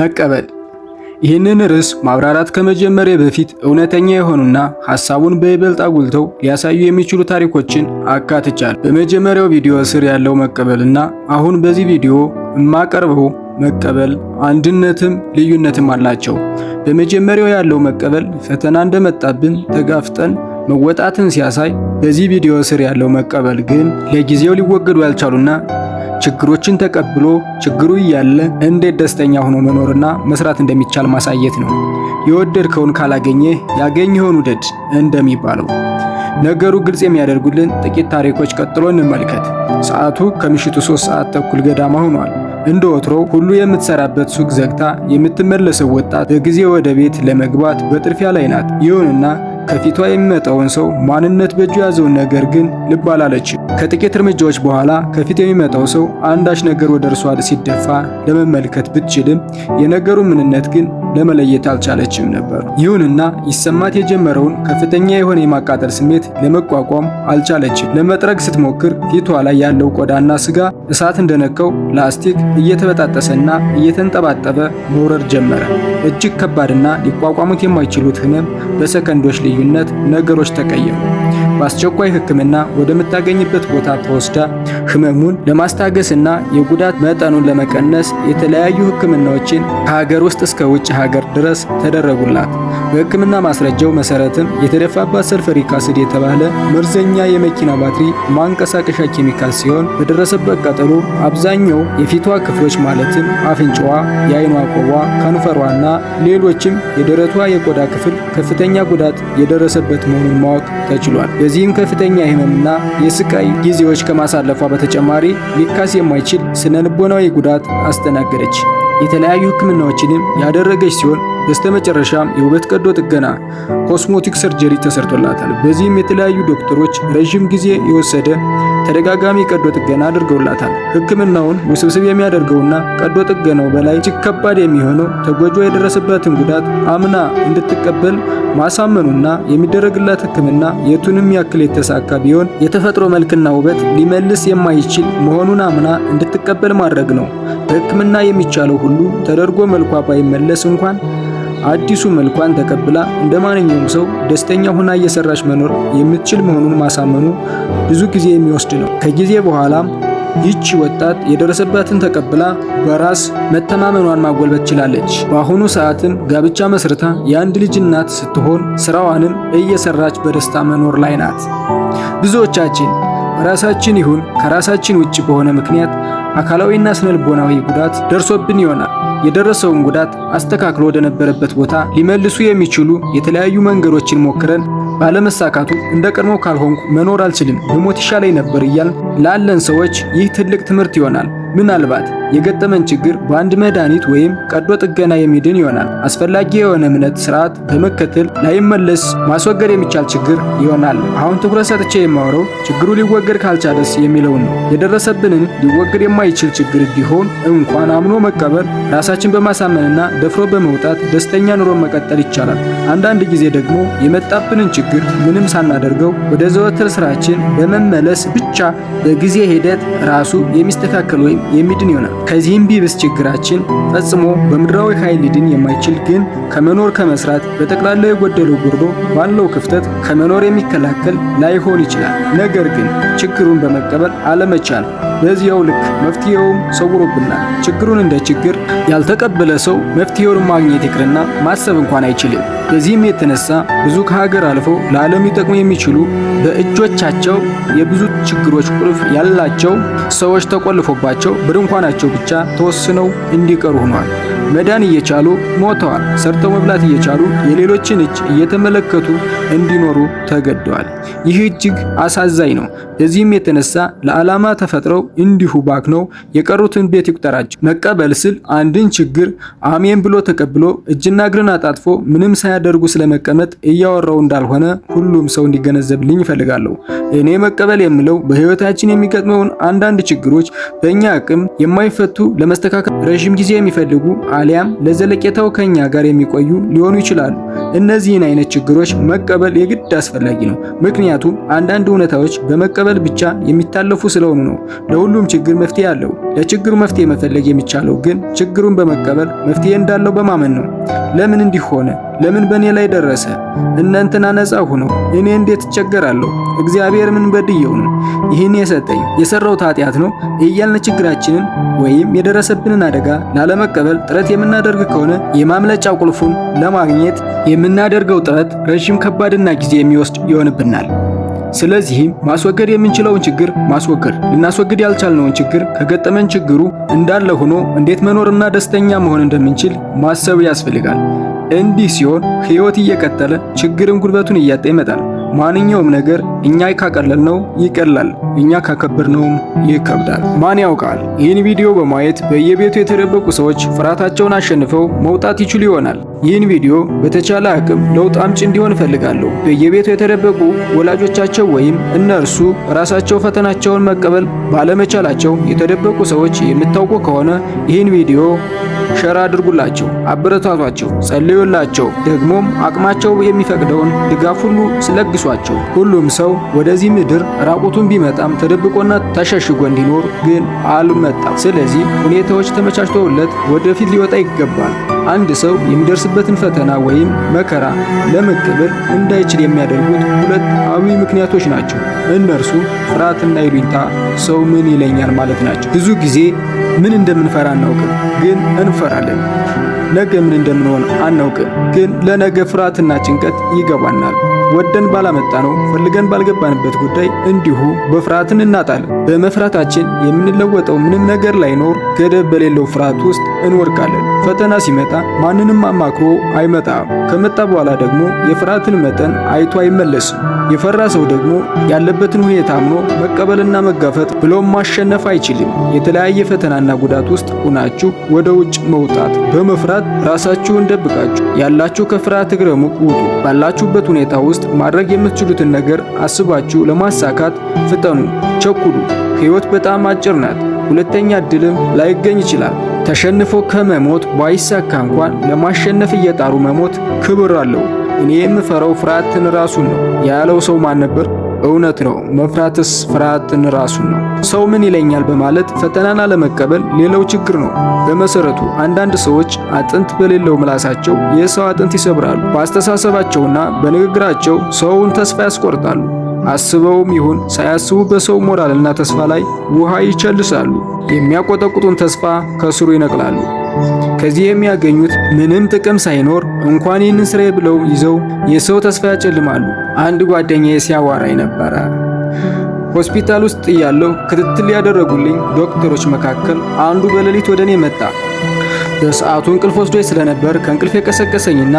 መቀበል ይህንን ርዕስ ማብራራት ከመጀመሪያ በፊት እውነተኛ የሆኑና ሐሳቡን በይበልጥ አጉልተው ሊያሳዩ የሚችሉ ታሪኮችን አካትቻል። በመጀመሪያው ቪዲዮ ስር ያለው መቀበልና አሁን በዚህ ቪዲዮ የማቀርበው መቀበል አንድነትም ልዩነትም አላቸው። በመጀመሪያው ያለው መቀበል ፈተና እንደመጣብን ተጋፍጠን መወጣትን ሲያሳይ፣ በዚህ ቪዲዮ ስር ያለው መቀበል ግን ለጊዜው ሊወገዱ ያልቻሉና ችግሮችን ተቀብሎ ችግሩ እያለ እንዴት ደስተኛ ሆኖ መኖርና መስራት እንደሚቻል ማሳየት ነው። የወደድከውን ካላገኘ ያገኘኸውን ውደድ እንደሚባለው። ነገሩ ግልጽ የሚያደርጉልን ጥቂት ታሪኮች ቀጥሎ እንመልከት። ሰዓቱ ከምሽቱ ሶስት ሰዓት ተኩል ገዳማ ሆኗል። እንደ ወትሮ ሁሉ የምትሰራበት ሱቅ ዘግታ የምትመለሰው ወጣት በጊዜ ወደ ቤት ለመግባት በጥርፊያ ላይ ናት። ይሁንና ከፊቷ የሚመጣውን ሰው ማንነት በእጁ ያዘውን ነገር ግን ልብ አላለችም። ከጥቂት እርምጃዎች በኋላ ከፊት የሚመጣው ሰው አንዳች ነገር ወደ እርሷ ሲደፋ ለመመልከት ብትችልም የነገሩ ምንነት ግን ለመለየት አልቻለችም ነበር። ይሁንና ይሰማት የጀመረውን ከፍተኛ የሆነ የማቃጠል ስሜት ለመቋቋም አልቻለችም። ለመጥረግ ስትሞክር ፊቷ ላይ ያለው ቆዳና ስጋ እሳት እንደነካው ላስቲክ እየተበጣጠሰና እየተንጠባጠበ መውረድ ጀመረ። እጅግ ከባድና ሊቋቋሙት የማይችሉት ህመም በሰከንዶች ልዩ ልዩነት ነገሮች ተቀየሩ። በአስቸኳይ ሕክምና ወደምታገኝበት ቦታ ተወስዳ ህመሙን ለማስታገስና የጉዳት መጠኑን ለመቀነስ የተለያዩ ሕክምናዎችን ከሀገር ውስጥ እስከ ውጭ ሀገር ድረስ ተደረጉላት። በህክምና ማስረጃው መሰረትም የተደፋባት ሰልፈሪክ አሲድ የተባለ መርዘኛ የመኪና ባትሪ ማንቀሳቀሻ ኬሚካል ሲሆን በደረሰበት ቀጠሉ አብዛኛው የፊቷ ክፍሎች ማለትም አፍንጫዋ፣ የአይኗ ቆቧ፣ እና ሌሎችም የደረቷ የቆዳ ክፍል ከፍተኛ ጉዳት የደረሰበት መሆኑን ማወቅ ተችሏል። በዚህም ከፍተኛ የህመምና የስቃይ ጊዜዎች ከማሳለፏ በተጨማሪ ሊካስ የማይችል ስነልቦናዊ ጉዳት አስተናገደች። የተለያዩ ህክምናዎችንም ያደረገች ሲሆን በስተመጨረሻም የውበት ቀዶ ጥገና ኮስሞቲክ ሰርጀሪ ተሰርቶላታል። በዚህም የተለያዩ ዶክተሮች ረዥም ጊዜ የወሰደ ተደጋጋሚ ቀዶ ጥገና አድርገውላታል። ሕክምናውን ውስብስብ የሚያደርገውና ቀዶ ጥገናው በላይ እጅግ ከባድ የሚሆነው ተጎጆ የደረሰበትን ጉዳት አምና እንድትቀበል ማሳመኑና የሚደረግላት ሕክምና የቱንም ያክል የተሳካ ቢሆን የተፈጥሮ መልክና ውበት ሊመልስ የማይችል መሆኑን አምና እንድትቀበል ማድረግ ነው። በሕክምና የሚቻለው ሁሉ ተደርጎ መልኳ ባይመለስ እንኳን አዲሱ መልኳን ተቀብላ እንደ ማንኛውም ሰው ደስተኛ ሆና እየሰራች መኖር የምትችል መሆኑን ማሳመኑ ብዙ ጊዜ የሚወስድ ነው። ከጊዜ በኋላም ይቺ ወጣት የደረሰባትን ተቀብላ በራስ መተማመኗን ማጎልበት ችላለች። በአሁኑ ሰዓትም ጋብቻ መስርታ የአንድ ልጅ እናት ስትሆን ስራዋንም እየሰራች በደስታ መኖር ላይ ናት። ብዙዎቻችን ራሳችን ይሁን ከራሳችን ውጭ በሆነ ምክንያት አካላዊና ስነልቦናዊ ጉዳት ደርሶብን ይሆናል። የደረሰውን ጉዳት አስተካክሎ ወደነበረበት ቦታ ሊመልሱ የሚችሉ የተለያዩ መንገዶችን ሞክረን ባለመሳካቱ እንደ ቀድሞ ካልሆንኩ መኖር አልችልም፣ መሞት ይሻለኝ ነበር እያል ላለን ሰዎች ይህ ትልቅ ትምህርት ይሆናል። ምናልባት የገጠመን ችግር በአንድ መድኃኒት ወይም ቀዶ ጥገና የሚድን ይሆናል። አስፈላጊ የሆነ እምነት ስርዓት በመከተል ላይመለስ ማስወገድ የሚቻል ችግር ይሆናል። አሁን ትኩረት ሰጥቼ የማወረው ችግሩ ሊወገድ ካልቻለስ የሚለውን ነው። የደረሰብንን ሊወገድ የማይችል ችግር ቢሆን እንኳን አምኖ መቀበል፣ ራሳችን በማሳመንና ደፍሮ በመውጣት ደስተኛ ኑሮ መቀጠል ይቻላል። አንዳንድ ጊዜ ደግሞ የመጣብንን ችግር ምንም ሳናደርገው ወደ ዘወትር ስራችን በመመለስ ብቻ በጊዜ ሂደት ራሱ የሚስተካከል ወይም የሚድን ይሆናል። ከዚህም ቢብስ ችግራችን ፈጽሞ በምድራዊ ኃይል ሊድን የማይችል ግን ከመኖር ከመስራት በጠቅላላው የጎደለው ጉርዶ ባለው ክፍተት ከመኖር የሚከላከል ላይሆን ይችላል። ነገር ግን ችግሩን በመቀበል አለመቻል በዚያው ልክ መፍትሄውም ሰውሮብናል። ችግሩን እንደ ችግር ያልተቀበለ ሰው መፍትሄውን ማግኘት ይቅርና ማሰብ እንኳን አይችልም። በዚህም የተነሳ ብዙ ከሀገር አልፈው ለዓለም ሊጠቅሙ የሚችሉ በእጆቻቸው የብዙ ችግር ችግሮች ቁልፍ ያላቸው ሰዎች ተቆልፎባቸው በድንኳናቸው ብቻ ተወስነው እንዲቀሩ ሆነዋል። መዳን እየቻሉ ሞተዋል። ሰርተው መብላት እየቻሉ የሌሎችን እጅ እየተመለከቱ እንዲኖሩ ተገደዋል። ይህ እጅግ አሳዛኝ ነው። በዚህም የተነሳ ለዓላማ ተፈጥረው እንዲሁ ባክነው የቀሩትን ቤት ይቁጠራቸው። መቀበል ስል አንድን ችግር አሜን ብሎ ተቀብሎ እጅና እግርን አጣጥፎ ምንም ሳያደርጉ ስለመቀመጥ እያወራው እንዳልሆነ ሁሉም ሰው እንዲገነዘብልኝ ይፈልጋለሁ። እኔ መቀበል የምለው በህይወታችን የሚገጥመውን አንዳንድ ችግሮች በእኛ አቅም የማይፈቱ ለመስተካከል ረዥም ጊዜ የሚፈልጉ አሊያም ለዘለቄታው ከኛ ጋር የሚቆዩ ሊሆኑ ይችላሉ። እነዚህን አይነት ችግሮች መቀበል የግድ አስፈላጊ ነው። ምክንያቱም አንዳንድ እውነታዎች በመቀበል ብቻ የሚታለፉ ስለሆኑ ነው። ለሁሉም ችግር መፍትሄ አለው። ለችግሩ መፍትሄ መፈለግ የሚቻለው ግን ችግሩን በመቀበል መፍትሄ እንዳለው በማመን ነው። ለምን እንዲህ ሆነ? ለምን በእኔ ላይ ደረሰ? እናንተና ነፃ ሁነው እኔ እንዴት እቸገራለሁ? እግዚአብሔር ምን በድየው ነው ይህን የሰጠኝ? የሰራው ኃጢአት ነው እያልን ችግራችንን ወይም የደረሰብንን አደጋ ላለመቀበል ጥረት የምናደርግ ከሆነ የማምለጫ ቁልፉን ለማግኘት የምናደርገው ጥረት ረዥም፣ ከባድና ጊዜ የሚወስድ ይሆንብናል። ስለዚህም ማስወገድ የምንችለውን ችግር ማስወገድ፣ ልናስወግድ ያልቻልነውን ችግር ከገጠመን ችግሩ እንዳለ ሆኖ እንዴት መኖርና ደስተኛ መሆን እንደምንችል ማሰብ ያስፈልጋል። እንዲህ ሲሆን ሕይወት እየቀጠለ ችግርም ጉልበቱን እያጣ ይመጣል። ማንኛውም ነገር እኛ ካቀለልነው ይቀላል፣ እኛ ካከበድነውም ይከብዳል። ማን ያውቃል? ይህን ቪዲዮ በማየት በየቤቱ የተደበቁ ሰዎች ፍርሃታቸውን አሸንፈው መውጣት ይችሉ ይሆናል። ይህን ቪዲዮ በተቻለ አቅም ለውጥ አምጪ እንዲሆን እፈልጋለሁ። በየቤቱ የተደበቁ ወላጆቻቸው ወይም እነርሱ ራሳቸው ፈተናቸውን መቀበል ባለመቻላቸው የተደበቁ ሰዎች የምታውቁ ከሆነ ይህን ቪዲዮ ሸር አድርጉላቸው፣ አበረታቷቸው፣ ጸልዩላቸው። ደግሞም አቅማቸው የሚፈቅደውን ድጋፍ ሁሉ ስለግሷቸው። ሁሉም ሰው ወደዚህ ምድር ራቁቱን ቢመጣም ተደብቆና ተሸሽጎ እንዲኖር ግን አልመጣም። ስለዚህ ሁኔታዎች ተመቻችተውለት ወደፊት ሊወጣ ይገባል። አንድ ሰው የሚደርስበትን ፈተና ወይም መከራ ለመቀበል እንዳይችል የሚያደርጉት ሁለት አብይ ምክንያቶች ናቸው። እነርሱ ፍርሃትና ይሉኝታ፣ ሰው ምን ይለኛል ማለት ናቸው። ብዙ ጊዜ ምን እንደምንፈራ አናውቅም፣ ግን እንፈራለን። ነገ ምን እንደምንሆን አናውቅም፣ ግን ለነገ ፍርሃትና ጭንቀት ይገባናል። ወደን ባላመጣ ነው ፈልገን ባልገባንበት ጉዳይ እንዲሁ በፍርሃትን እናጣለን። በመፍራታችን የምንለወጠው ምንም ነገር ላይኖር ገደብ በሌለው ፍርሃት ውስጥ እንወድቃለን። ፈተና ሲመጣ ማንንም አማክሮ አይመጣም። ከመጣ በኋላ ደግሞ የፍርሃትን መጠን አይቶ አይመለስም። የፈራ ሰው ደግሞ ያለበትን ሁኔታ አምኖ መቀበልና መጋፈጥ ብሎም ማሸነፍ አይችልም። የተለያየ ፈተናና ጉዳት ውስጥ ሆናችሁ ወደ ውጭ መውጣት በመፍራት ራሳችሁን ደብቃችሁ ያላችሁ ከፍርሃት እግረ ሙቅ ውጡ። ባላችሁበት ሁኔታ ውስጥ ማድረግ የምትችሉትን ነገር አስባችሁ ለማሳካት ፍጠኑ፣ ቸኩሉ። ሕይወት በጣም አጭር ናት። ሁለተኛ ዕድልም ላይገኝ ይችላል። ተሸንፎ ከመሞት ባይሳካ እንኳን ለማሸነፍ እየጣሩ መሞት ክብር አለው። እኔ የምፈራው ፍርሃትን ራሱን ነው ያለው ሰው ማን ነበር? እውነት ነው። መፍራትስ ፍርሃትን ራሱን ነው። ሰው ምን ይለኛል በማለት ፈተናን አለመቀበል ሌላው ችግር ነው። በመሰረቱ አንዳንድ ሰዎች አጥንት በሌለው ምላሳቸው የሰው አጥንት ይሰብራሉ። በአስተሳሰባቸውና በንግግራቸው ሰውን ተስፋ ያስቆርጣሉ። አስበውም ይሁን ሳያስቡ በሰው ሞራልና ተስፋ ላይ ውሃ ይቸልሳሉ። የሚያቆጠቁጡን ተስፋ ከስሩ ይነቅላሉ። ከዚህ የሚያገኙት ምንም ጥቅም ሳይኖር እንኳን ይህንን ስራ ብለው ይዘው የሰው ተስፋ ያጨልማሉ። አንድ ጓደኛዬ ሲያዋራኝ ነበረ። ሆስፒታል ውስጥ እያለሁ ክትትል ያደረጉልኝ ዶክተሮች መካከል አንዱ በሌሊት ወደ እኔ መጣ። በሰዓቱ እንቅልፍ ወስዶኝ ስለነበር ከእንቅልፍ የቀሰቀሰኝና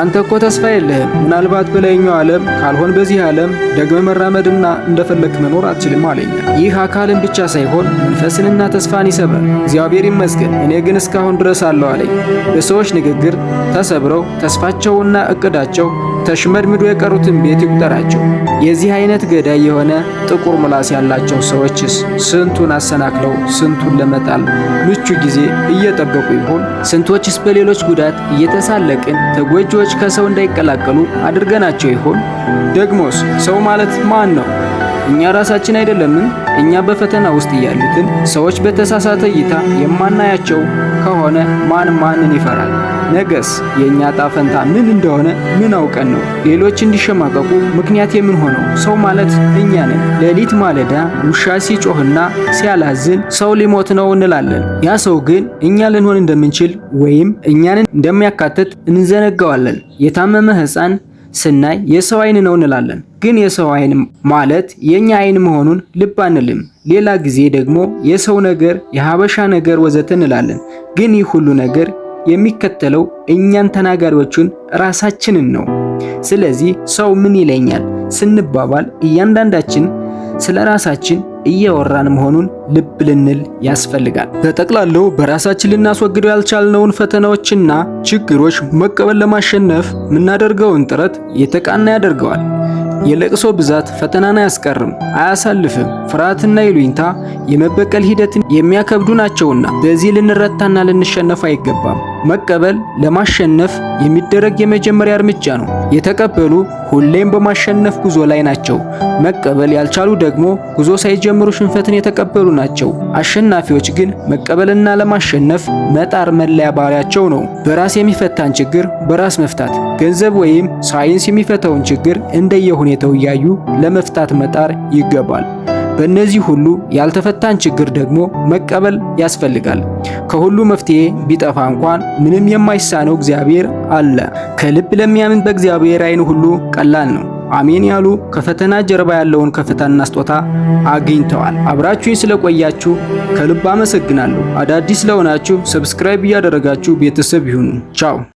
አንተ እኮ ተስፋ የለህም። ምናልባት በላይኛው ዓለም ካልሆን በዚህ ዓለም ደግመ መራመድና እንደፈለክ መኖር አትችልም አለኝ። ይህ አካልን ብቻ ሳይሆን መንፈስንና ተስፋን ይሰብራል። እግዚአብሔር ይመስገን እኔ ግን እስካሁን ድረስ አለው አለኝ። በሰዎች ንግግር ተሰብረው ተስፋቸውና እቅዳቸው ተሽመድምዶ የቀሩትን ቤት ይቁጠራቸው። የዚህ አይነት ገዳይ የሆነ ጥቁር ምላስ ያላቸው ሰዎችስ ስንቱን አሰናክለው ስንቱን ለመጣል ምቹ ጊዜ እየጠበቁ ይሆን? ስንቶችስ በሌሎች ጉዳት እየተሳለቅን ተጎ እጆች ከሰው እንዳይቀላቀሉ አድርገናቸው ይሆን? ደግሞስ ሰው ማለት ማን ነው? እኛ ራሳችን አይደለምን? እኛ በፈተና ውስጥ እያሉትን ሰዎች በተሳሳተ እይታ የማናያቸው ከሆነ ማን ማንን ይፈራል? ነገስ የእኛ ጣፈንታ ምን እንደሆነ ምን አውቀን ነው ሌሎች እንዲሸማቀቁ ምክንያት የምንሆነው? ሰው ማለት እኛ ነን። ሌሊት ማለዳ ውሻ ሲጮህና ሲያላዝን ሰው ሊሞት ነው እንላለን። ያ ሰው ግን እኛ ልንሆን እንደምንችል ወይም እኛን እንደሚያካትት እንዘነጋዋለን። የታመመ ሕፃን ስናይ የሰው አይን ነው እንላለን። ግን የሰው አይን ማለት የኛ አይን መሆኑን ልብ አንልም። ሌላ ጊዜ ደግሞ የሰው ነገር፣ የሀበሻ ነገር ወዘተ እንላለን። ግን ይህ ሁሉ ነገር የሚከተለው እኛን ተናጋሪዎቹን ራሳችንን ነው። ስለዚህ ሰው ምን ይለኛል ስንባባል እያንዳንዳችን ስለ ራሳችን እየወራን መሆኑን ልብ ልንል ያስፈልጋል። በጠቅላላው በራሳችን ልናስወግደው ያልቻልነውን ፈተናዎችና ችግሮች መቀበል ለማሸነፍ የምናደርገውን ጥረት የተቃና ያደርገዋል። የለቅሶ ብዛት ፈተናን አያስቀርም፣ አያሳልፍም። ፍርሃትና ይሉኝታ የመበቀል ሂደትን የሚያከብዱ ናቸውና በዚህ ልንረታና ልንሸነፍ አይገባም። መቀበል ለማሸነፍ የሚደረግ የመጀመሪያ እርምጃ ነው። የተቀበሉ ሁሌም በማሸነፍ ጉዞ ላይ ናቸው። መቀበል ያልቻሉ ደግሞ ጉዞ ሳይጀምሩ ሽንፈትን የተቀበሉ ናቸው። አሸናፊዎች ግን መቀበልና ለማሸነፍ መጣር መለያ ባህሪያቸው ነው። በራስ የሚፈታን ችግር በራስ መፍታት፣ ገንዘብ ወይም ሳይንስ የሚፈታውን ችግር እንደየሁኔታው እያዩ ለመፍታት መጣር ይገባል። በእነዚህ ሁሉ ያልተፈታን ችግር ደግሞ መቀበል ያስፈልጋል። ከሁሉ መፍትሄ ቢጠፋ እንኳን ምንም የማይሳነው እግዚአብሔር አለ። ከልብ ለሚያምን በእግዚአብሔር አይን ሁሉ ቀላል ነው። አሜን ያሉ ከፈተና ጀርባ ያለውን ከፍታና ስጦታ አግኝተዋል። አብራችሁኝ ስለቆያችሁ ከልብ አመሰግናለሁ። አዳዲስ ለሆናችሁ ሰብስክራይብ እያደረጋችሁ ቤተሰብ ይሁኑ። ቻው